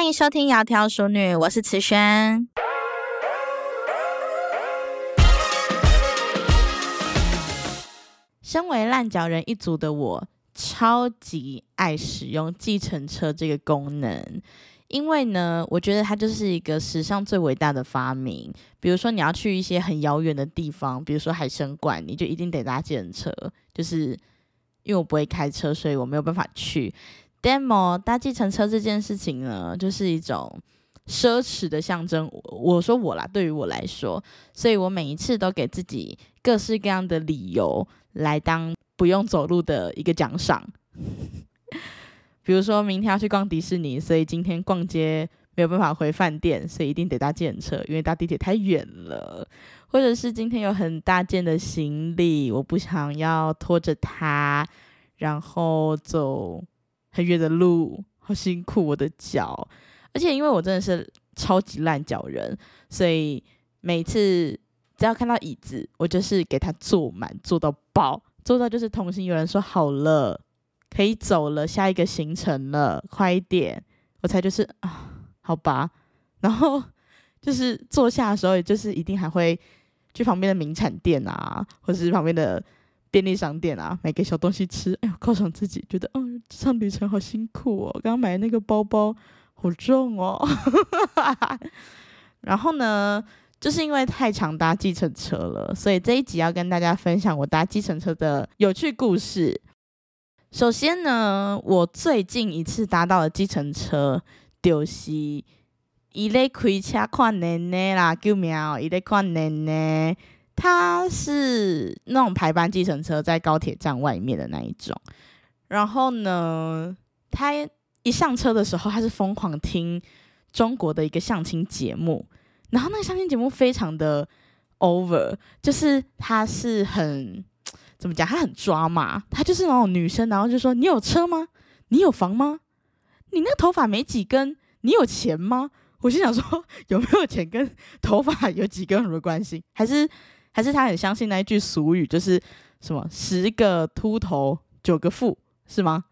歡迎收聽《窈窕淑女》，我是慈萱。身為爛腳人一族的我，超級愛使用計程車這個功能，因為呢，我覺得它就是一個史上最偉大的發明。比如說，你要去一些很遙遠的地方，比如說海生館，你就一定得搭計程車，就是因為我不會開車，所以我沒有辦法去。demo 搭計程車這件事情呢，就是一種奢侈的象徵。我說我啦，對於我來說，所以我每一次都給自己各式各樣的理由來當不用走路的一個獎賞。 比如說明天要去逛迪士尼，所以今天逛街沒有辦法回飯店，所以一定得搭計程車，因為搭地鐵太遠了。或者是今天有很大件的行李，我不想要拖着它，然後走。很遠的路，好辛苦我的腳，而且因為我真的是超級爛腳人，所以每次只要看到椅子，我就是給他坐滿，坐到爆，坐到就是同行有人說好了，可以走了，下一個行程了，快一點，我才就是啊，好吧，然後就是坐下的時候，也就是一定還會去旁邊的名產店啊，或者是旁邊的。便利商店啊，買個小東西吃。哎呦，犒賞自己，覺得嗯，這場旅程好辛苦哦。剛剛買的那個包包好重哦。 然後呢，就是因為太常搭計程車了，所以這一集要跟大家分享我搭計程車的有趣故事。首先呢，我最近一次搭到了計程車就是，伊、就、咧、是、開車看奶奶啦，救命、哦！伊咧看奶奶。他是那種排班計程車，在高鐵站外面的那一種。然後呢，他一上車的時候，他是瘋狂聽中國的一個相親節目。然後那個相親節目非常的 over，就是他是很怎麼講？他很抓馬，他就是那種女生，然後就說：“你有車嗎？你有房嗎？你那個頭髮沒幾根？你有錢嗎？”我心想說：“有沒有錢跟頭髮有幾根有什麼關係？還是？”還是他很相信那一句俗語，就是什麼“十個禿頭九個富”是嗎？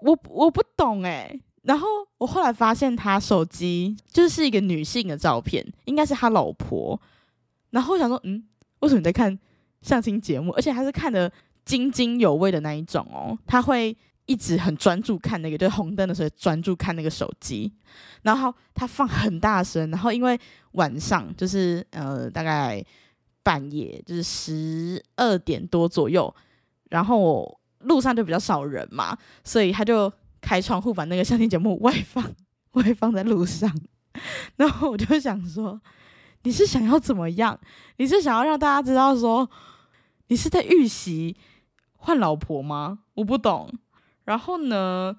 我我不懂欸。然後我後來發現他手機就是一個女性的照片，應該是他老婆。然後我想說，嗯，為什麼你在看相親節目，而且還是看得津津有味的那一種哦？他會一直很專注看那個，就是紅燈的時候專注看那個手機，然後他放很大聲，然後因為晚上就是呃大概。半夜就是十二點多左右，然後我路上就比較少人嘛，所以他就開窗戶把那個相親節目外放，外放在路上，然後我就想說，你是想要怎麼樣？你是想要讓大家知道說，你是在預習換老婆嗎？我不懂。然後呢，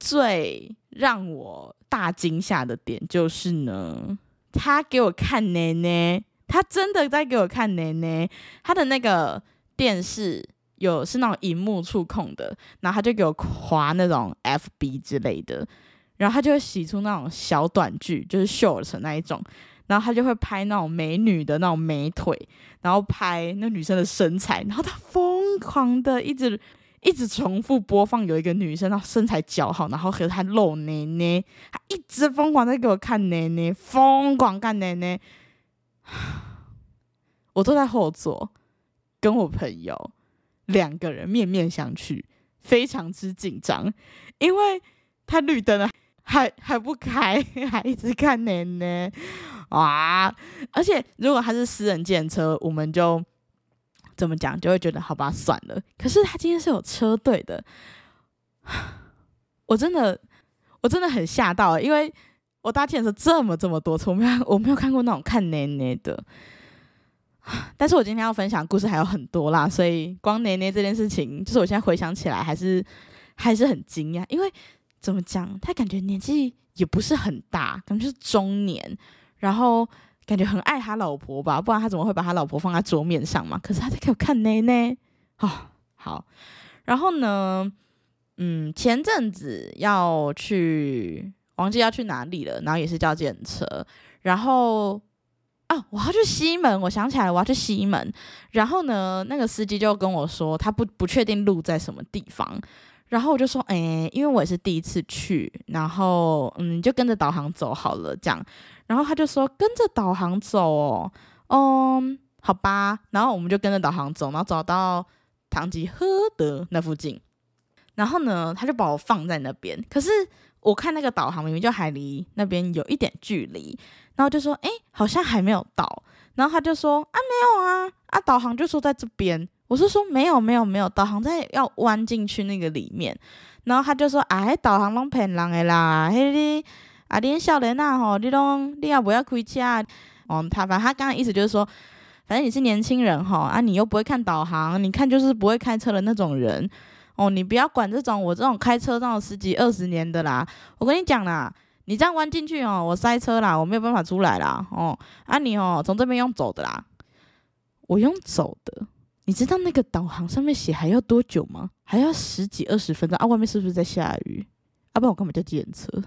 最讓我大驚嚇的點就是呢，他給我看奶奶。他真的在給我看奶奶，他的那個電視有是那種熒幕觸控的，然後他就給我劃那種 FB 之類的，然後他就會洗出那種小短劇，就是 short 那一種，然後他就會拍那種美女的那種美腿，然後拍那女生的身材，然後他瘋狂的一直一直重複播放，有一個女生她身材姣好，然後和她露奶奶，他一直瘋狂的在給我看奶奶，瘋狂看奶奶。我坐在後座，跟我朋友兩個人面面相覷，非常之緊張，因為他綠燈了還還不開，還一直看奶奶，哇，而且如果他是私人計程車，我們就怎麼講就會覺得好吧，算了。可是他今天是有車隊的，我真的我真的很嚇到欸，因為。我當天說這麼這麼多錯，沒有，我沒有看過那種看奶奶的，但是我今天要分享的故事還有很多啦，所以光奶奶這件事情，就是我現在回想起來還是還是很驚訝，因為怎麼講，他感覺年紀也不是很大，可能就是中年，然後感覺很愛他老婆吧，不然他怎麼會把他老婆放在桌面上嘛？可是他在給我看奶奶。啊、哦、好，然後呢，嗯，前陣子要去。忘記要去哪裡了，然後也是叫計程車，然後啊，我要去西門，我想起來了，我要去西門，然後呢，那個司機就跟我說他不不確定路在什麼地方，然後我就說，誒、欸，因為我也是第一次去，然後嗯，就跟着導航走好了這樣，然後他就說跟着導航走哦，嗯，好吧，然後我們就跟着導航走，然後找到唐吉訶德那附近，然後呢，他就把我放在那邊，可是，我看那個導航，明明就還離那邊有一點距離，然後就說，哎、欸，好像還沒有到。然後他就說，啊，沒有啊，啊，導航就說在這邊。我是說，沒有，沒有，沒有，導航在要彎進去那個裡面。然後他就說，哎、啊，導航攏騙人的啦。嘿，弟，啊弟曉得吶吼，你儂、啊、你要不要開車、啊？哦，他反正他剛剛意思就是說，反正你是年輕人吼，啊，你又不會看導航，你看就是不會開車的那種人。哦，你不要管這種，我這種開車這種十幾二十年的啦。我跟你講啦，你這樣彎進去哦，我塞車啦，我沒有辦法出來啦。哦。啊，你哦，從這邊用走的啦，我用走的。你知道那個導航上面寫還要多久嗎？還要十幾二十分鐘。啊，外面是不是在下雨？啊，不然我幹嘛叫計程車？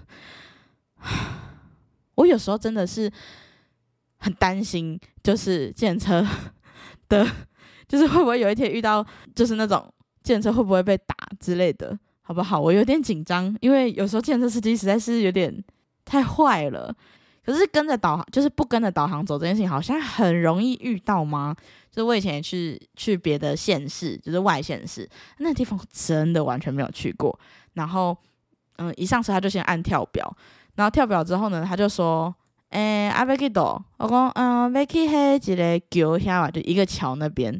我有時候真的是很擔心，就是計程車的，就是會不會有一天遇到就是那種。計程車會不會被打之類的，好不好？我有點緊張，因為有時候計程車司機實在是有點太壞了。可是跟着導航，就是不跟着導航走這件事情，好像很容易遇到嗎？就是我以前也去去別的縣市，就是外縣市，那地方真的完全沒有去過。然後，嗯，一上車他就先按跳表，然後跳表之後呢，他就說：“誒、欸，阿、啊、要去哪裡，我講，嗯，要去那一個橋下吧，就一個橋那邊。”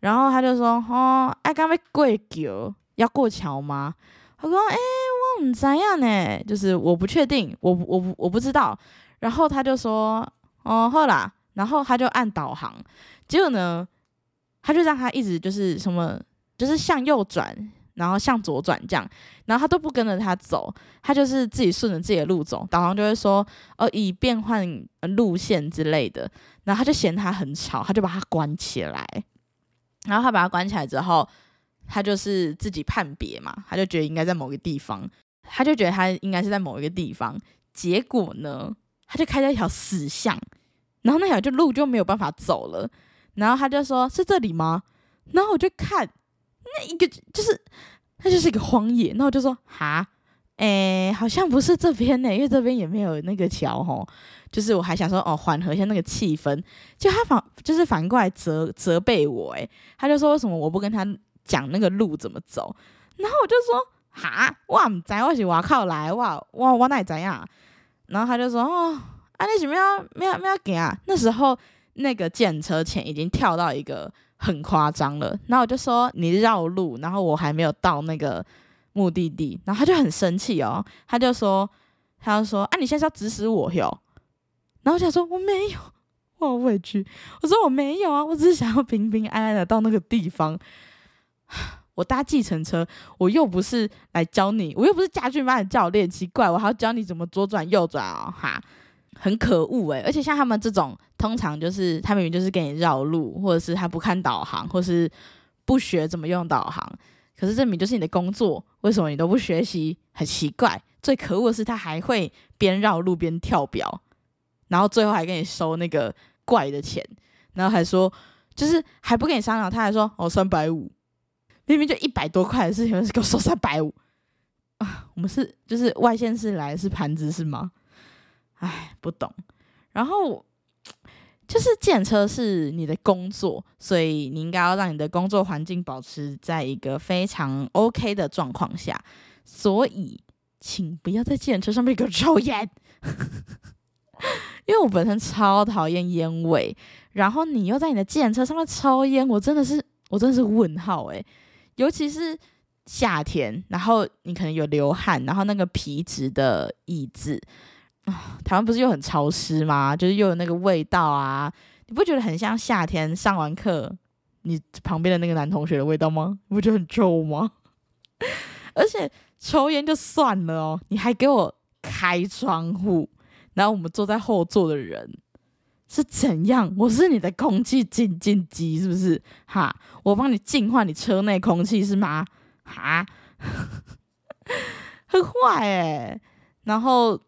然後他就說：“哦，哎、啊，剛要過橋，要過橋嗎？”他說，哎、欸，我不知道呢，就是我不確定，我我我不知道。”然後他就說：“哦，好啦。”然後他就按導航，結果呢，他就讓他一直就是什麼，就是向右轉，然後向左轉這樣，然後他都不跟着他走，他就是自己順着自己的路走，導航就會說：“哦，以變換路線之類的。”然後他就嫌他很吵，他就把他關起來。然後他把他關起來之後，他就是自己判別嘛，他就覺得應該在某一個地方，他就覺得他應該是在某一個地方。結果呢，他就開了一條死巷，然後那條就路就沒有辦法走了。然後他就說：“是這裡嗎？”然後我就看那一個，就是那就是一個荒野。然後我就說：“哈。”哎、欸，好像不是這邊呢，欸，因為這邊也沒有那個橋吼，就是我還想說，哦，喔，緩和一下那個氣氛，就他反就是反過來責責備我，欸，誒，他就說為什麼我不跟他講那個路怎麼走？然後我就說，哈，哇，我不知道，我起我靠來，哇哇那哪怎樣？然後他就說，哦，喔，啊，你什麼要要要走啊？那時候那個建車前已經跳到一個很誇張了。然後我就說你繞路，然後我還沒有到那個。目的地，然後他就很生氣哦，他就說，他就說，啊你現在是要指使我喲？然後我就想說，我沒有，我好委屈。我說我沒有啊，我只是想要平平安安的到那個地方。我搭計程車，我又不是來教你，我又不是駕訓班的教練，奇怪，我還要教你怎麼左轉右轉啊、哦？哈，很可惡哎！而且像他們這種，通常就是他明明就是給你繞路，或者是他不看導航，或者是不學怎麼用導航。可是證明就是你的工作，為什麼你都不學習，很奇怪。最可惡的是他還會邊繞路邊跳表，然後最後還給你收那個怪的錢，然後還說就是還不跟你商量，他還說哦三百五，350, 明明就一百多塊的事情，是給我收三百五啊？我們是就是外縣市是來是盤子是嗎？哎，不懂。然後。就是計程車是你的工作，所以你應該要讓你的工作環境保持在一個非常 OK 的狀況下。所以，請不要在計程車上面給我抽煙， 因為我本身超討厭煙味。然後你又在你的計程車上面抽煙，我真的是，我真的是問號哎、欸！尤其是夏天，然後你可能有流汗，然後那個皮質的椅子。啊、哦，台灣不是又很潮濕嗎？就是又有那個味道啊，你不覺得很像夏天上完課，你旁邊的那個男同學的味道嗎？不覺得很臭嗎？ 而且抽煙就算了哦，你還給我開窗戶，然後我們坐在後座的人是怎樣？我是你的空氣淨淨機是不是？哈，我幫你淨化你車內空氣是嗎？哈， 很壞哎、欸，然後。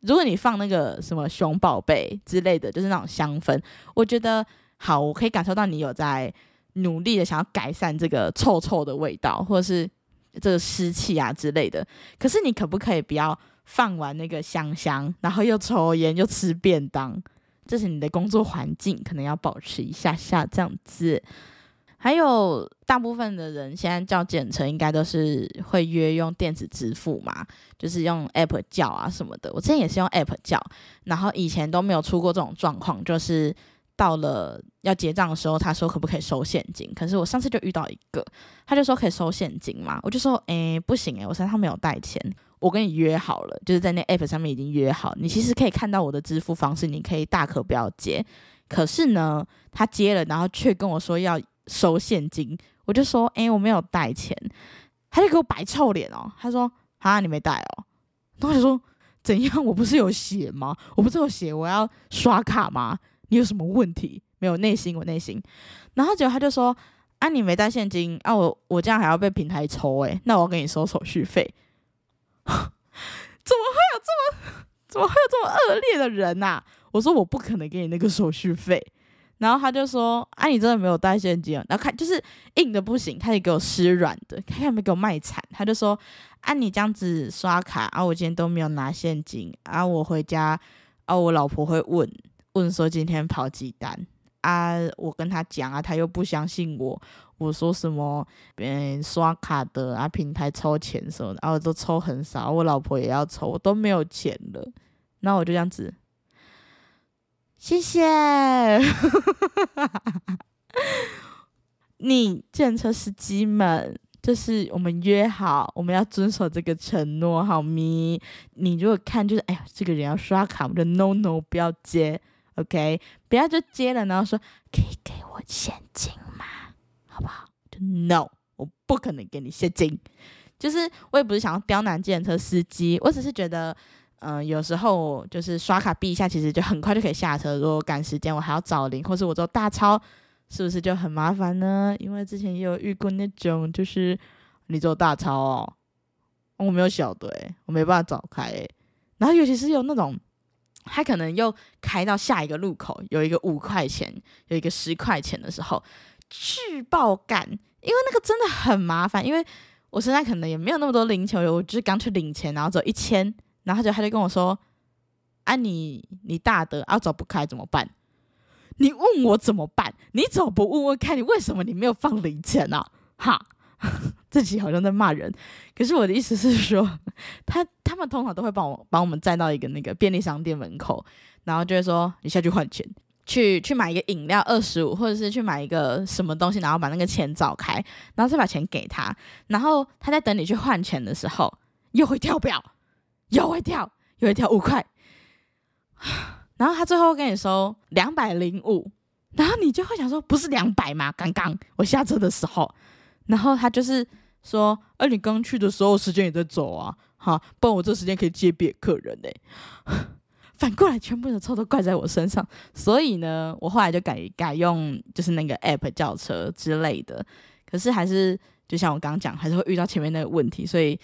如果你放那個什麼熊寶貝之類的，就是那種香氛，我覺得好，我可以感受到你有在努力的想要改善這個臭臭的味道，或者是這個濕氣啊之類的。可是你可不可以不要放完那個香香，然後又抽煙又吃便當？這、就是你的工作環境，可能要保持一下下這樣子。還有大部分的人現在叫計程，應該都是會約用電子支付嘛，就是用 app 叫啊什麼的。我之前也是用 app 叫，然後以前都沒有出過這種狀況，就是到了要結賬的時候，他說可不可以收現金？可是我上次就遇到一個，他就說可以收現金嘛，我就說欸不行欸，我身上、上沒有帶錢，我跟你約好了，就是在那 app 上面已經約好，你其實可以看到我的支付方式，你可以大可不要接。可是呢，他接了，然後卻跟我說要收現金，我就說：“誒、欸，我沒有帶錢。”他就給我擺臭臉哦、喔。他說：“啊，你沒帶哦。”然後我就說：“怎樣？我不是有寫嗎？我不是有寫我要刷卡嗎？你有什麼問題？沒有內心，我內心。”然後結果他就說：“啊，你沒帶現金啊，我我這樣還要被平台抽誒、欸。那我給你收手續費。 怎”怎麼會有這麼怎麼會有這麼惡劣的人吶、啊？我說我不可能給你那個手續費。然後他就說：“啊，你真的沒有帶現金啊？”然後看就是硬的不行，他也給我施軟的，他也沒有給我賣慘。他就說：“啊，你這樣子刷卡啊，我今天都沒有拿現金啊，我回家啊，我老婆會問問說今天跑幾單啊？我跟他講啊，他又不相信我。我說什麼人、嗯、別人刷卡的啊，平台抽錢什麼的啊，我都抽很少。我老婆也要抽，我都沒有錢了。然後我就這樣子。”謝謝， 你計程車司機們，就是我們約好，我們要遵守這個承諾，好咪？你如果看就是，哎呀，這個人要刷卡，我就 no no，不要接，OK？不要就接了，然後說可以給我現金嗎？好不好？no，我不可能給你現金。就是我也不是想要刁難計程車司機，我只是覺得。嗯、呃，有時候就是刷卡嗶一下，其實就很快就可以下車。如果趕時間，我還要找零，或是我做大鈔，是不是就很麻煩呢？因為之前也有遇過那種，就是你做大鈔哦，我沒有小的、欸，我沒辦法找開、欸。然後尤其是有那種，他可能又開到下一個路口，有一個五塊錢，有一個十塊錢的時候，巨爆感，因為那個真的很麻煩。因為我身上可能也沒有那麼多零錢，我就是剛去領錢，然後走一千。然後他就他就跟我說：“啊你，你你大德啊，走不開怎麼辦？你問我怎麼辦？你走不問問看你為什麼你沒有放零錢呢、啊？”哈， 自己好像在罵人。可是我的意思是說，他他們通常都會幫我幫我們站到一個那個便利商店門口，然後就會說：“你下去換錢，去去買一個飲料二十五，或者是去買一個什麼東西，然後把那個錢找開，然後再把錢給他。然後他在等你去換錢的時候，又會跳表。”又會跳，又會跳五塊，然後他最後跟你說兩百零五，然後你就會想說不是兩百嗎？剛剛我下車的時候，然後他就是說，哦、啊，你剛去的時候時間也在走啊，好，不然我這時間可以接別客人嘞、欸。反過來，全部的錯都怪在我身上，所以呢，我後來就改改用就是那個 app 叫車之類的，可是還是就像我剛剛講，還是會遇到前面那個問題，所以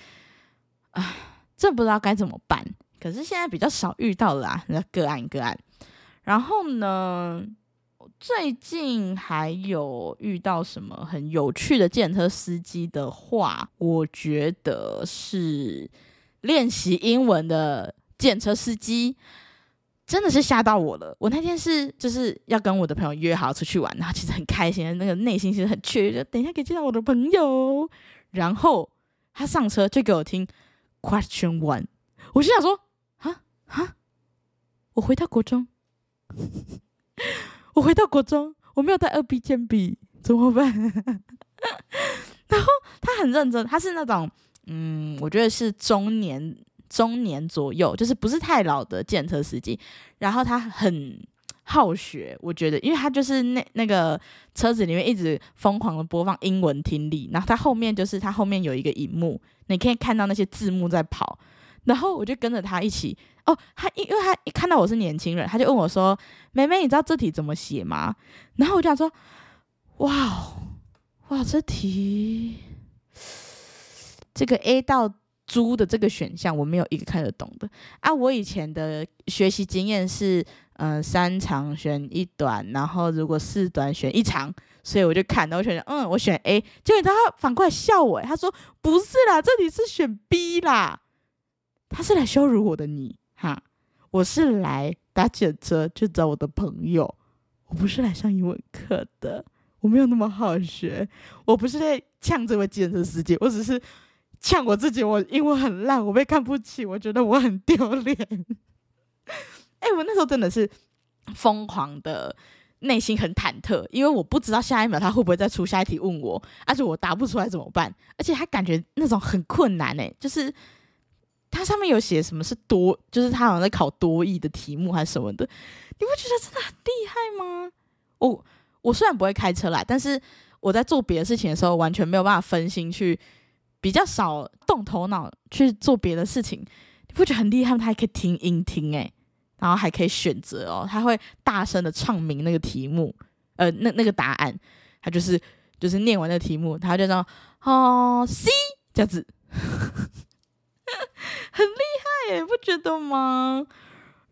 啊。呃這不知道該怎麼辦，可是現在比較少遇到了啊，個案個案，案。然後呢，最近還有遇到什麼很有趣的電車司機的話，我覺得是練習英文的電車司機，真的是嚇到我了。我那天是就是要跟我的朋友約好出去玩，然後其實很開心，那個內心其實很雀躍，就等一下可以見到我的朋友。然後他上車就給我聽。Question one，我心想說，啊啊，我回到國中， 我回到國中，我沒有帶二 B 鉛筆，怎麼辦？ 然後他很認真，他是那種，嗯，我覺得是中年中年左右，就是不是太老的計程車司機。然後他很。好學，我覺得，因為他就是那那個車子裡面一直瘋狂的播放英文聽力，然後他後面就是他後面有一個熒幕你可以看到那些字幕在跑，然後我就跟着他一起哦，他因因為，他一看到我是年輕人，他就問我說：“妹妹你知道這題怎麼寫嗎？”然後我就想說：“哇哇，這題這個 A 到 Z 的這個選項，我沒有一個看得懂的啊！我以前的學習經驗是。”嗯、呃，三長選一短，然後如果四短選一長，所以我就看到我選，嗯，我選 A，結果他反過來笑我、欸，他說不是啦，這裡是選 B 啦，他是來羞辱我的你，你哈，我是來搭計程車去找我的朋友，我不是來上英文課的，我沒有那麼好學，我不是在嗆這位計程車司機，我只是嗆我自己，我英文很爛，我被看不起，我覺得我很丟臉。哎、欸，我那時候真的是瘋狂的，內心很忐忑，因為我不知道下一秒他會不會再出下一題問我，而且我答不出來怎麼辦？而且他感覺那種很困難哎、欸，就是他上面有寫什麼是多，就是他好像在考多益的題目還是什麼的。你不覺得真的很厲害嗎？我我雖然不會開車來，但是我在做別的事情的時候，完全沒有辦法分心去比較少動頭腦去做別的事情。你不覺得很厲害嗎？他還可以聽音聽哎、欸。然後還可以選擇哦，他會大聲的唱名那個題目，呃，那那個答案，他就是就是念完那個題目，他就這樣，哦、oh, C 這樣子， 很厲害誒，不覺得嗎？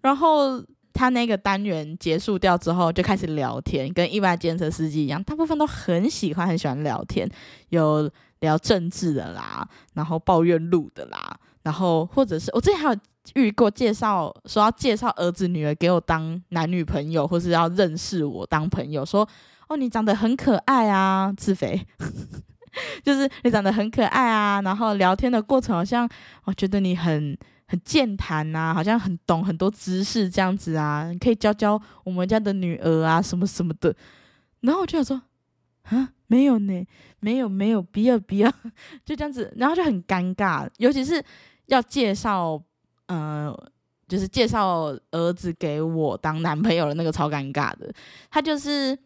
然後他那個單元結束掉之後，就開始聊天，跟一般的計程車司機一樣，大部分都很喜歡很喜歡聊天，有聊政治的啦，然後抱怨路的啦，然後或者是我最近還有。遇過介紹，說要介紹兒子、女兒給我當男女朋友，或是要認識我當朋友，說哦，你長得很可愛啊，自肥， 就是你長得很可愛啊，然後聊天的過程好像我覺得你很很健談吶、啊，好像很懂很多知識這樣子啊，你可以教教我們家的女兒啊什麼什麼的，然後我就想說啊，沒有呢，沒有沒有，不要不要就這樣子，然後就很尷尬，尤其是要介紹。呃，就是介紹兒子給我當男朋友的那個超尷尬的，他就是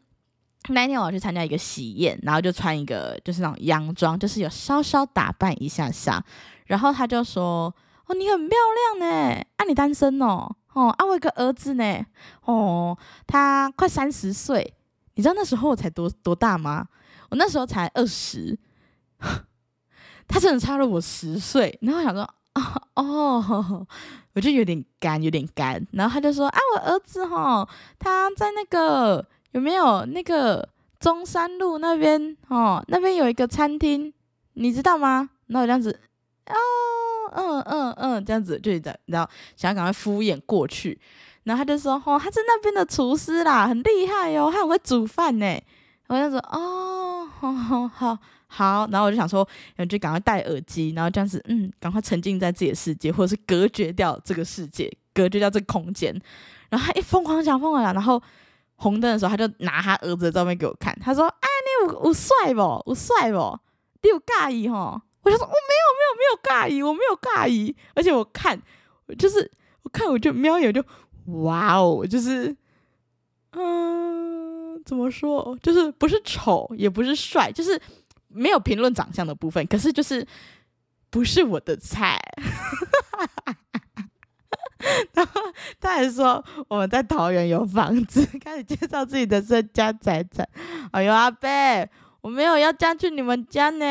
那一天我要去參加一個喜宴，然後就穿一個就是那種洋裝，就是有稍稍打扮一下下，然後他就說：“哦，你很漂亮呢，啊，你單身哦，喔，哦，啊，我有個兒子呢，哦，他快三十歲，你知道那時候我才多多大嗎？我那時候才二十，他真的差了我十歲，然後我想說。”哦、oh, 哦、oh,，我就有點乾，有點乾。然後他就說：“啊，我兒子哈，他在那個有沒有那個中山路那邊哦，那邊有一個餐廳，你知道嗎？然後這樣子，哦，嗯嗯嗯，這樣子就的。然後想要趕快敷衍過去。然後他就說：，哦，他是那邊的廚師啦，很厲害喲、哦，他很會煮飯呢、欸。然後我這樣說：，哦，好好，好。”好，然後我就想說，就趕快戴耳機，然後這樣子，嗯，趕快沉浸在自己的世界，或者是隔絕掉這個世界，隔絕掉這個空間。然後他一瘋狂講瘋狂講，然後紅燈的時候，他就拿他兒子的照片給我看，他說：“哎，你有我帥不？我帥不？你有尬意哈？”我就說：“我沒有，沒有，沒有尬意，我沒有尬意。”而且我看，就是我看，我就瞄一眼就，就哇哦，就是嗯，怎麼說？就是不是醜，也不是帥，就是。沒有評論長相的部分，可是就是不是我的菜。 然後他還說我們在桃園有房子，開始介紹自己的身家財產。哎呦阿伯，我沒有要嫁去你們家呢，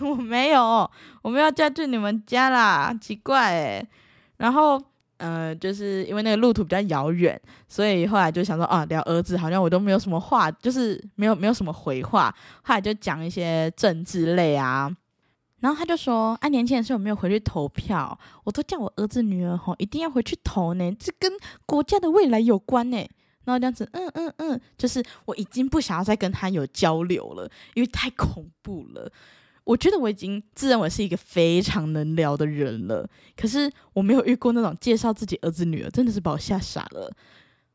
我沒有，我沒有要嫁去你們家啦，奇怪欸，然後。呃，就是因為那個路途比較遙遠，所以後來就想說啊，聊兒子好像我都沒有什麼話，就是沒有沒有什麼回話。後來就講一些政治類啊，然後他就說，啊，年前的時候有沒有回去投票，我都叫我兒子女兒吼一定要回去投呢，這跟國家的未來有關呢。然後這樣子，嗯嗯嗯，就是我已經不想要再跟他有交流了，因為太恐怖了。我覺得我已經自認為是一個非常能聊的人了，可是我沒有遇過那種介紹自己兒子女兒，真的是把我嚇傻了。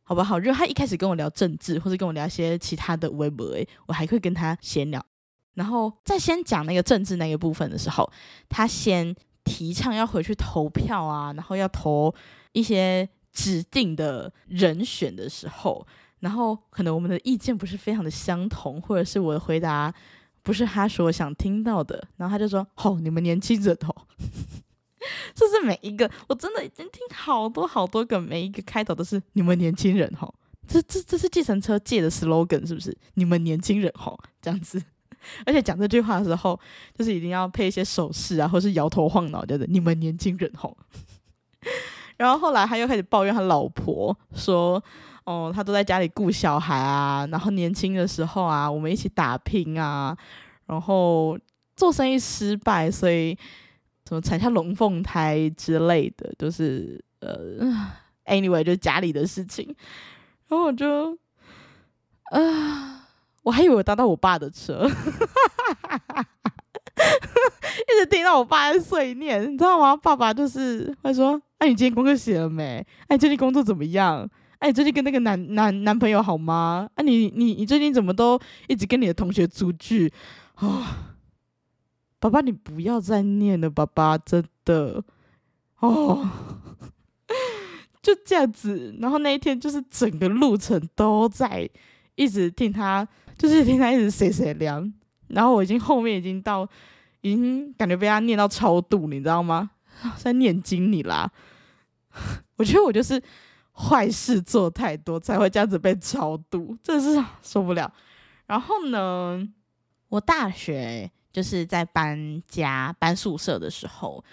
好不好，如果他一開始跟我聊政治，或者跟我聊一些其他的微博，欸，我還會跟他閒聊。然後在先講那個政治那個部分的時候，他先提倡要回去投票啊，然後要投一些指定的人選的時候，然後可能我們的意見不是非常的相同，或者是我的回答。不是他所想聽到的，然後他就說：“吼、哦，你們年輕人哦， 這是每一個，我真的已經聽好多好多個，每一個開頭都是你們年輕人哦。這這這是計程車界的 slogan 是不是？你們年輕人哦，這樣子，而且講這句話的時候，就是一定要配一些手勢啊，或是搖頭晃腦的，你們年輕人吼、哦。 ”然後後來他又開始抱怨他老婆說。哦，他都在家裡顧小孩啊，然後年輕的時候啊，我們一起打拼啊，然後做生意失敗，所以怎麼產下龍鳳胎之類的，都、就是呃，anyway，就是家裡的事情。然後我就啊、呃，我還以為我搭到我爸的車，哈哈哈，一直聽到我爸在碎念，你知道嗎？爸爸就是會說：“哎、啊，你今天功課寫了沒？哎、啊，最近工作怎麼樣？”哎、啊，最近跟那個男男男朋友好嗎？哎、啊，你你你最近怎麼都一直跟你的同學出去啊、哦？爸爸，你不要再念了，爸爸真的哦，就這樣子。然後那一天就是整個路程都在一直聽他，就是聽他一直碎碎念。然後我已經後面已經到，已經感覺被他念到超度，你知道嗎？在念經你啦，我覺得我就是。壞事做太多才會這樣子被超度，真是受不了。然後呢，我大學就是在搬家搬宿舍的時候，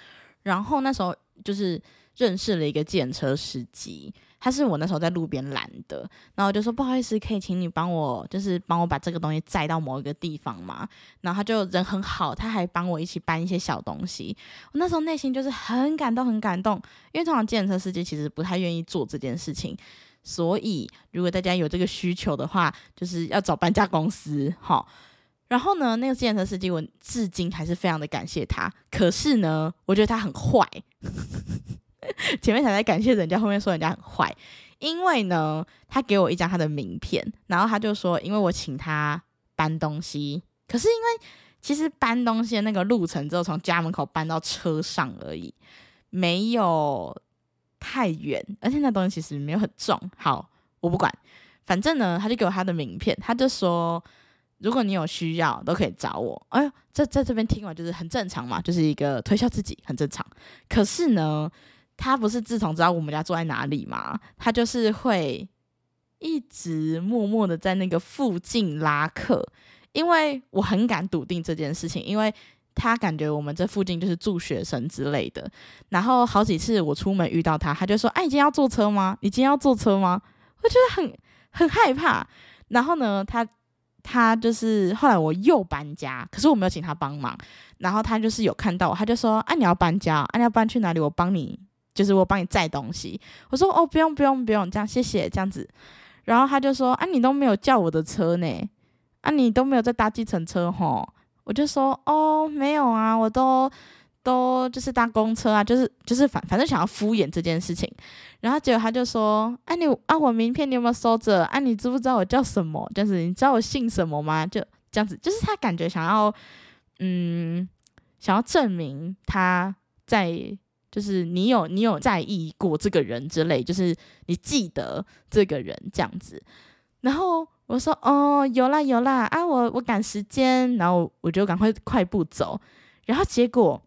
然後那時候就是。認識了一個計程車司機，他是我那時候在路邊攔的，然後我就說不好意思，可以請你幫我，就是幫我把這個東西載到某一個地方嗎？然後他就人很好，他還幫我一起搬一些小東西。我那時候內心就是很感動，很感動，因為通常計程車司機其實不太願意做這件事情。所以如果大家有這個需求的話，就是要找搬家公司齁。然後呢，那個計程車司機我至今還是非常的感謝他，可是呢，我覺得他很壞。 前面才在感謝人家，後面說人家很壞，因為呢，他給我一張他的名片，然後他就說，因為我請他搬東西，可是因為其實搬東西的那個路程，只有從家門口搬到車上而已，沒有太遠，而且那東西其實沒有很重。好，我不管，反正呢，他就給我他的名片，他就說，如果你有需要，都可以找我。哎呦，這在這邊聽完，就是很正常嘛，就是一個推銷自己，很正常。可是呢。他不是自從知道我們家住在哪裡嘛，他就是會一直默默的在那個附近拉客。因為我很敢篤定這件事情，因為他感覺我們這附近就是住學生之類的。然後好幾次我出門遇到他，他就說：“哎，你今天要坐車嗎？你今天要坐車嗎？”我覺得很很害怕。然後呢，他他就是後來我又搬家，可是我沒有請他幫忙。然後他就是有看到我，他就說：“啊，你要搬家？啊，你要搬去哪裡？我幫你。”就是我幫你載東西，我說哦，不用不用不用，這樣謝謝這樣子。然後他就說，啊，你都沒有叫我的車呢，啊，你都沒有在搭計程車吼，我就說哦，沒有啊，我都都就是搭公車啊，就是就是反反正想要敷衍這件事情。然後結果他就說，哎、啊，你啊我名片你有沒有收着？啊，你知不知道我叫什麼？這樣子，你知道我姓什麼嗎？就這樣子，就是他感覺想要嗯，想要證明他在。就是你有你有在意過這個人之類，就是你記得這個人這樣子。然後我說哦，有啦有啦啊，我我趕時間，然後我就趕快快步走。然後結果，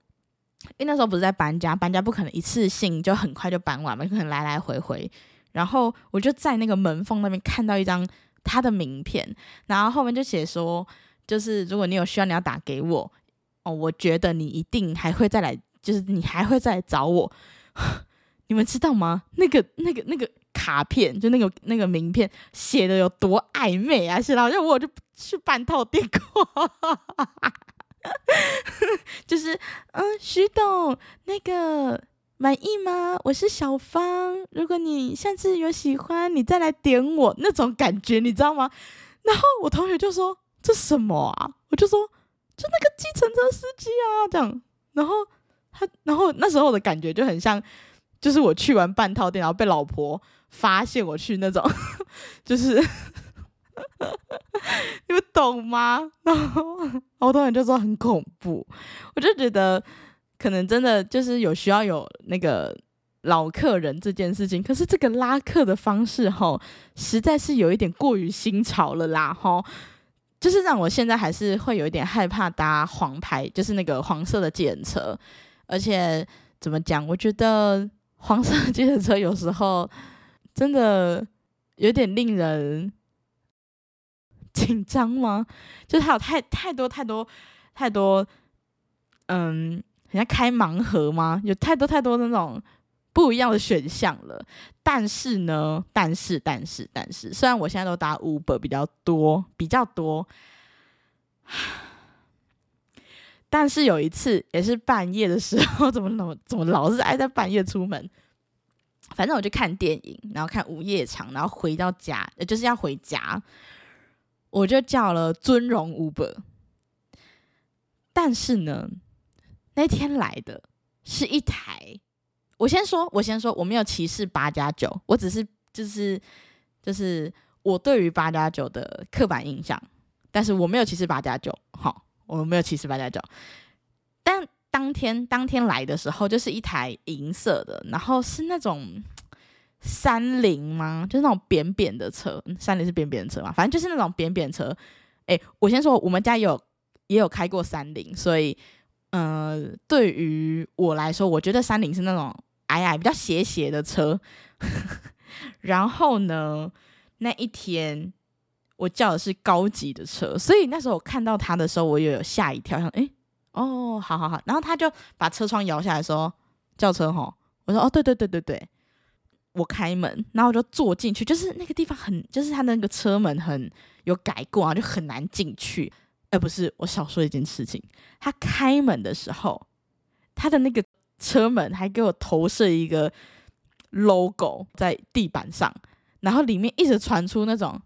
因為那時候不是在搬家，搬家不可能一次性就很快就搬完嘛，可能來來回回。然後我就在那個門縫那邊看到一張他的名片，然後後面就寫說，就是如果你有需要，你要打給我哦，我覺得你一定還會再來。就是你還會再來找我，你們知道嗎？那個、那個、那個卡片，就那個、那個名片寫的有多曖昧啊？是吧？然後我就去辦套電話， 就是嗯，徐董，那個滿意嗎？我是小芳，如果你下次有喜歡，你再來點我那種感覺，你知道嗎？然後我同學就說：“這什麼啊？”我就說：“就那個計程車司機啊，這樣。”然後。他然後那時候的感覺就很像，就是我去完半套店，然後被老婆發現我去那種，呵呵就是， 你們懂嗎？然後我多、哦、然就說很恐怖，我就覺得可能真的就是有需要有那個老客人這件事情，可是這個拉客的方式吼、哦，實在是有一點過於新潮了啦吼、哦，就是讓我現在還是會有一點害怕搭黃牌，就是那個黃色的計程車。而且怎麼講？我覺得黃色的計程車有時候真的有點令人緊張嗎？就是它有太太多太多太多，嗯，人家開盲盒嗎？有太多太多那種不一樣的選項了。但是呢，但是但是但是，雖然我現在都搭 Uber 比較多，比較多。但是有一次也是半夜的時候，怎麼怎麼怎麼老是愛在半夜出門？反正我就看電影，然後看午夜場，然後回到家，就是要回家，我就叫了尊榮 Uber。但是呢，那天來的是一台。我先說，我先說，我沒有歧視八加九，我只是就是就是我對於八加九的刻板印象，但是我沒有歧視八加九。好。我們沒有騎十八腳，但當天當天來的時候，就是一台銀色的，然後是那種三菱嗎？就是那種扁扁的車，三菱是扁扁的車嘛，反正就是那種扁扁車。誒、欸，我先說，我們家也有也有開過三菱，所以嗯、呃、對於我來說，我覺得三菱是那種矮矮，比較斜斜的車。 然後呢，那一天。我叫的是高級的車，所以那時候我看到他的時候，我又有嚇一跳，想哎、欸、哦，好好好。然後他就把車窗搖下來的時候，說叫車吼，我說哦，對對對對對，我開門。然後我就坐進去，就是那個地方很，就是他的那個車門很有改過啊，就很難進去。而不是，我少說一件事情。他開門的時候，他的那個車門還給我投射一個 logo 在地板上，然後裡面一直傳出那種。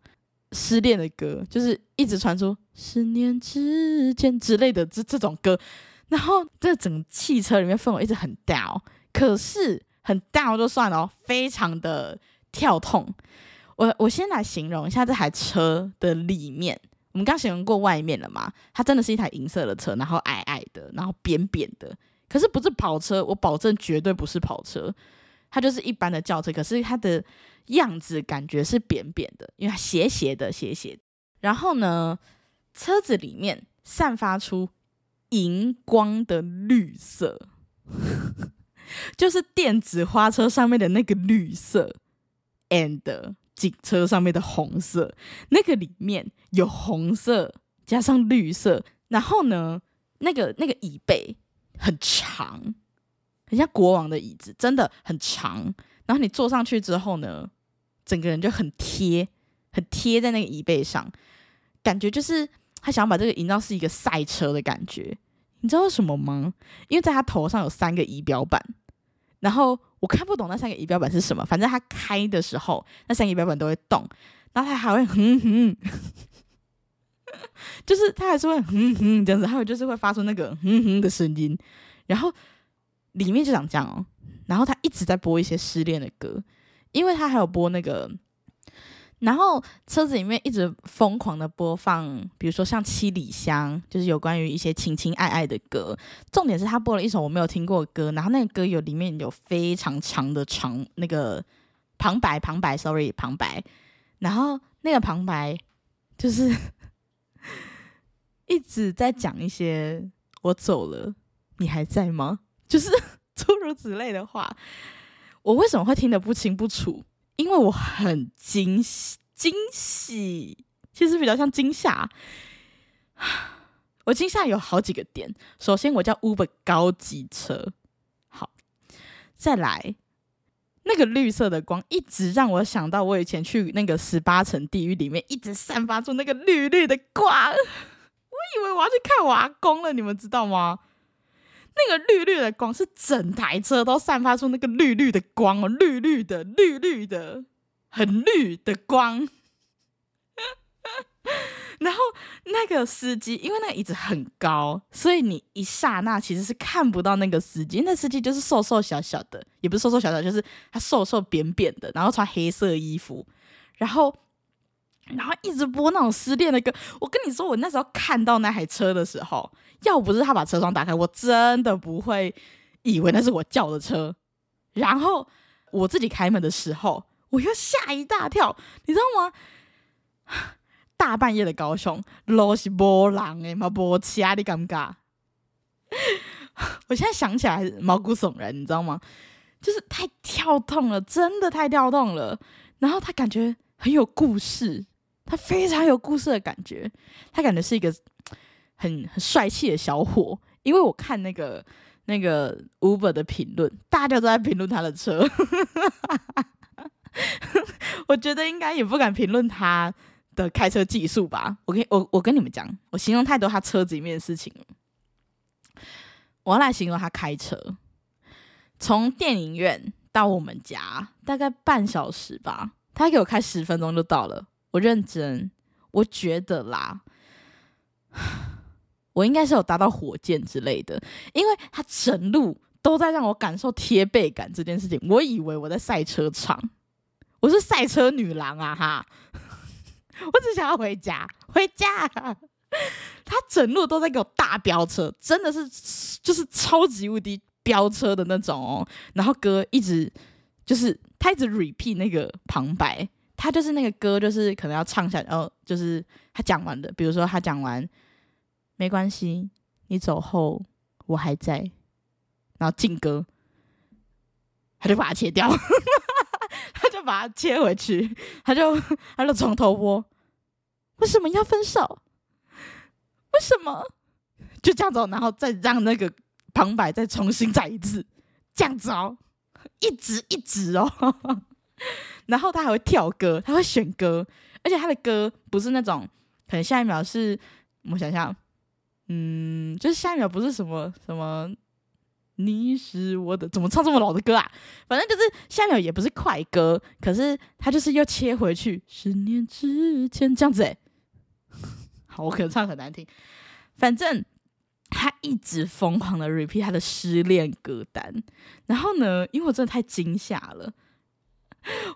失戀的歌，就是一直傳出“十年之間”之類的這這種歌，然後這整個汽車裡面氛圍一直很 down，可是很 down 就算了，非常的跳痛。我我先來形容一下這台車的裡面，我們剛剛形容過外面了嘛？它真的是一台銀色的車，然後矮矮的，然後扁扁的，可是不是跑車，我保證絕對不是跑車，它就是一般的轎車。可是它的樣子感覺是扁扁的，因為它斜斜的，斜斜。然後呢，車子裡面散發出熒光的綠色， 就是電子花車上面的那個綠色，and 警車上面的紅色。那個裡面有紅色加上綠色。然後呢，那個那個椅背很長，很像國王的椅子，真的很長。然後你坐上去之後呢？整個人就很貼，很貼在那個椅背上，感覺就是他想要把這個營造是一個賽車的感覺。你知道為什麼嗎？因為在他頭上有三個儀表板，然後我看不懂那三個儀表板是什麼，反正他開的時候那三個儀表板都會動，然後他還會哼哼， 就是他還是會哼哼這樣子，還有就是會發出那個哼哼的聲音。然後裡面就長這樣哦，然後他一直在播一些失戀的歌。因為他還有播那個，然後車子裡面一直瘋狂的播放，比如說像七里香，就是有關於一些情情愛愛的歌。重點是他播了一首我沒有聽過的歌，然後那個歌有裡面有非常長的長那個旁白，旁白，sorry，旁白。然後那個旁白就是 一直在講一些“我走了，你還在嗎？”就是諸如此類的話。我為什麼會聽得不清不楚？因為我很驚喜驚喜，其實比較像驚嚇。我驚嚇有好幾個點。首先，我叫 Uber 高級車，好。再來，那個綠色的光一直讓我想到我以前去那個十八層地獄裡面，一直散發出那個綠綠的光。我以為我要去看我阿公了，你們知道嗎？那個綠綠的光是整台車都散發出那個綠綠的光哦，綠綠的綠綠的很綠的光。 然後那個司機，因為那個椅子很高，所以你一剎那其實是看不到那個司機。那司機就是瘦瘦小小的，也不是瘦瘦小小的，就是他瘦瘦扁扁的，然後穿黑色衣服，然後。然後一直播那種失戀的歌。我跟你說，我那時候看到那台車的時候，要不是他把車窗打開，我真的不會以為那是我叫的車。然後我自己開門的時候，我又嚇一大跳，你知道嗎？大半夜的高雄，老是波浪哎，毛波奇亞的尷尬。我現在想起來還是毛骨悚然，你知道嗎？就是太跳動了，真的太跳動了。然後他感覺很有故事。他非常有故事的感覺，他感覺是一個很很帥氣的小伙。因為我看那個那個 Uber 的評論，大家都在評論他的車， 我覺得應該也不敢評論他的開車技術吧。我跟我我跟你們講，我形容太多他車子裡面的事情了。我要來形容他開車，從電影院到我們家大概半小時吧，他給我開十分鐘就到了。我認真，我覺得啦，我應該是有搭到火箭之類的，因為他整路都在讓我感受貼背感這件事情。我以為我在賽車場，我是賽車女郎啊！哈，我只想要回家，回家。他整路都在給我大飆車，真的是就是超級無敵飆車的那種哦、喔。然後哥一直就是他一直 repeat 那個旁白。他就是那個歌，就是可能要唱下，然後，哦，就是他講完的，比如說他講完，沒關係，你走後我還在，然後進歌，他就把它切掉， 他就把它切回去，他就他就從頭播，為什麼要分手？為什麼？就這樣子哦，然後再讓那個旁白再重新再一次這樣子哦，一直一直哦。 然後他還會跳歌，他會選歌，而且他的歌不是那種，可能下一秒是，我想想，嗯，就是下一秒不是什麼什麼，你是我的，怎麼唱這麼老的歌啊？反正就是下一秒也不是快歌，可是他就是又切回去，十年之前這樣子、欸。 好，我可能唱很難聽，反正他一直瘋狂的 repeat 他的失戀歌單。然後呢，因為我真的太驚嚇了。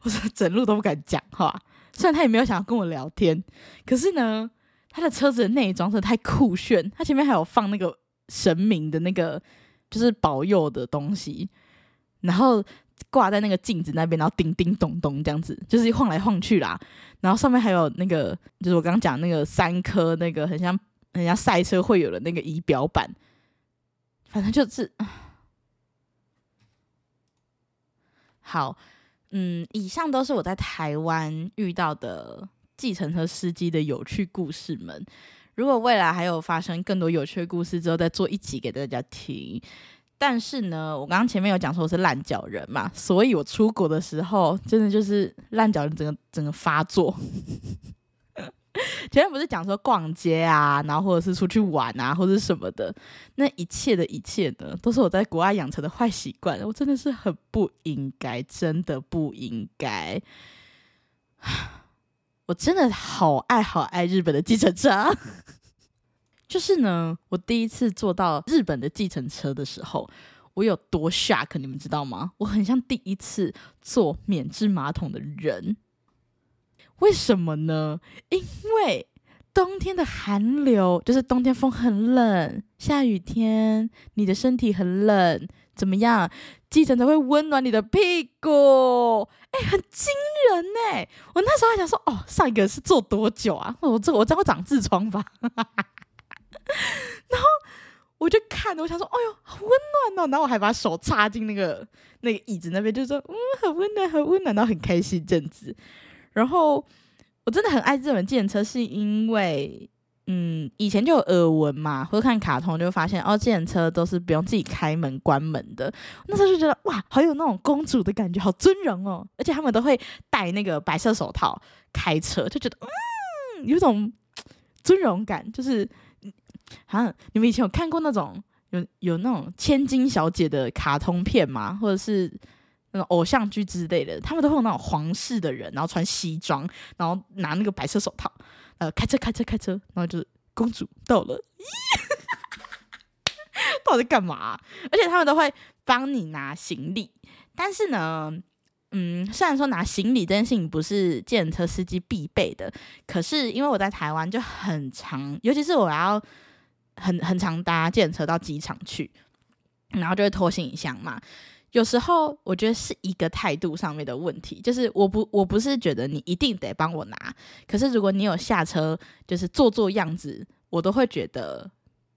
我說整路都不敢講話，雖然他也沒有想要跟我聊天，可是呢，他的車子的內裝得太酷炫，他前面還有放那個神明的那個就是保佑的東西，然後掛在那個鏡子那邊，然後叮叮咚咚咚這樣子，就是晃來晃去啦，然後上面還有那個就是我剛剛講的那個三顆那個很像人家賽車會有的那個儀表板，反正就是好。嗯，以上都是我在台灣遇到的計程車司機的有趣故事們，如果未來還有發生更多有趣的故事，之後再做一集給大家聽。但是呢，我剛剛前面有講說我是爛腳人嘛，所以我出國的時候真的就是爛腳人整個整個發作。 前面不是講說逛街啊，然後或者是出去玩啊，或者什麼的，那一切的一切呢，都是我在國外養成的壞習慣。我真的是很不應該，真的不應該。我真的好愛好愛日本的計程車。就是呢，我第一次坐到日本的計程車的時候，我有多 shock，你們知道嗎？我很像第一次坐免治馬桶的人。為什麼呢？因為冬天的寒流就是冬天風很冷，下雨天你的身體很冷，怎麼樣？寄存才會溫暖你的屁股，哎、欸，很驚人哎、欸！我那時候還想說，哦，上一個是坐多久啊？我坐我這會長痔瘡吧。 然後我就看，我想說，喲、哎，呦，好溫暖哦。然後我還把手插進那個那個椅子那邊，就說，嗯，很溫暖，很溫暖，然後很開心這樣子。然後我真的很愛這本轎車，是因為，嗯，以前就有耳聞嘛，或看卡通就發現，哦，轎車都是不用自己開門關門的。那時候就覺得，哇，好有那種公主的感覺，好尊榮哦！而且他們都會戴那個白色手套開車，就覺得，嗯，有一種尊榮感。就是，好像你們以前有看過那種有有那種千金小姐的卡通片嗎？或者是？那種偶像劇之類的，他們都會有那種皇室的人，然後穿西裝，然後拿那個白色手套，呃，開車開車開車，然後就是公主到了，咦、yeah! 到底幹嘛、啊？而且他們都會幫你拿行李，但是呢，嗯，雖然說拿行李這件事情不是計程車司機必備的，可是因為我在台灣就很常，尤其是我要很很常搭計程車到機場去，然後就會拖行李箱嘛。有時候我覺得是一個態度上面的問題，就是我不我不是覺得你一定得幫我拿，可是如果你有下車就是做做樣子，我都會覺得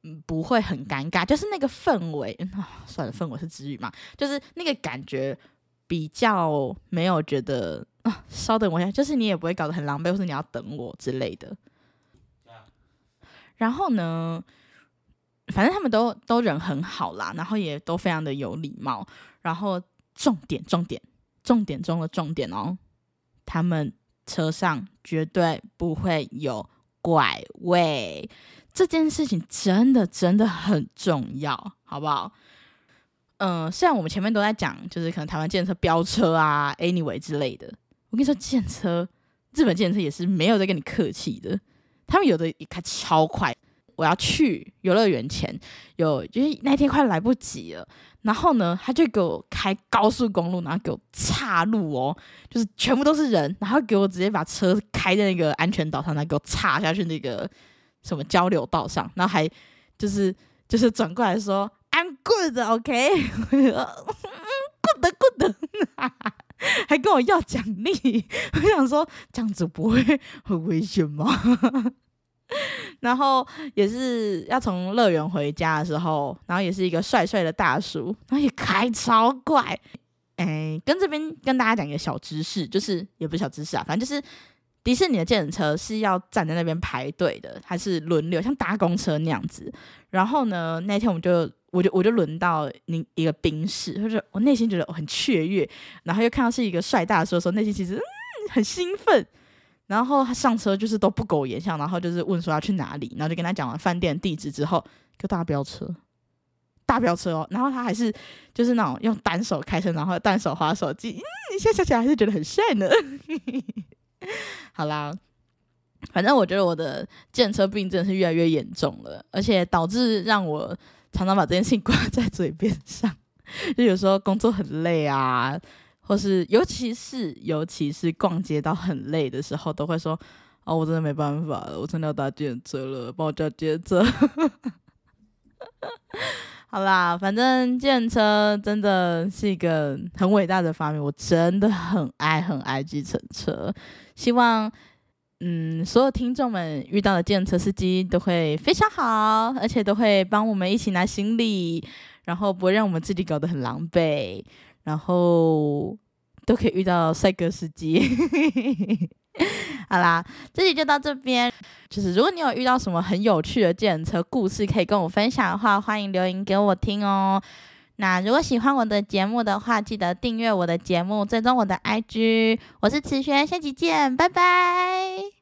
嗯不會很尷尬，就是那個氛圍，嗯哦、算了氛圍是詞語嘛，就是那個感覺比較沒有覺得啊，稍等我一下，就是你也不會搞得很狼狽，或是你要等我之類的。啊、然後呢？反正他們都都人很好啦，然後也都非常的有禮貌。然後重點重點重點中的重,重點哦，他們車上絕對不會有怪味，這件事情真的真的很重要，好不好？嗯、呃，雖然我們前面都在講，就是可能台灣建設飆車啊，anyway 之類的，我跟你說，建車日本建設也是沒有在跟你客氣的，他們有的也開超快。我要去遊樂園前，有就是那天快來不及了，然後呢，他就給我開高速公路，然後給我岔路哦，就是全部都是人，然後給我直接把車開在那個安全島上，然後給我岔下去那個什麼交流道上，然後還就是就是轉過來說 I'm good, OK, I'm good, good， 還跟我要獎勵，我想說這樣子不會很危險嗎？ 然後也是要從樂園回家的時候，然後也是一個帥帥的大叔，然後也開超快。哎、欸，跟這邊跟大家講一個小知識，就是也不是小知識啊，反正就是迪士尼的計程車是要站在那邊排隊的，還是輪流像搭公車那樣子。然後呢，那天我們就我就我就輪到您一個賓士，就是我內心覺得很雀躍，然後又看到是一個帥大叔的時候，內心其實、嗯、很興奮。然後他上車，就是都不苟言笑，然後就是問說要去哪裡，然後就跟他講完飯店地址之後，就大飆車，大飆車哦！然後他還是就是那種用單手開車，然後單手滑手機，嗯，一下下起來還是覺得很帥呢。 好啦，反正我覺得我的見車病症是越來越嚴重了，而且導致讓我常常把這件事情掛在嘴邊上，就有時候工作很累啊。或是尤其是尤其是逛街到很累的時候，都會說：“哦，我真的沒辦法了，我真的要搭計程車了，幫我叫計程車。 ”好啦，反正計程車真的是一個很偉大的發明，我真的很愛很愛計程車。希望嗯，所有聽眾們遇到的計程車司機都會非常好，而且都會幫我們一起拿行李，然後不會讓我們自己搞得很狼狽。然後都可以遇到帥哥司機。 好啦，這集就到這邊。就是如果你有遇到什麼很有趣的計程車故事，可以跟我分享的話，歡迎留言給我聽哦。那如果喜歡我的節目的話，記得訂閱我的節目，追蹤我的 IG。我是慈璇，下集見，拜拜。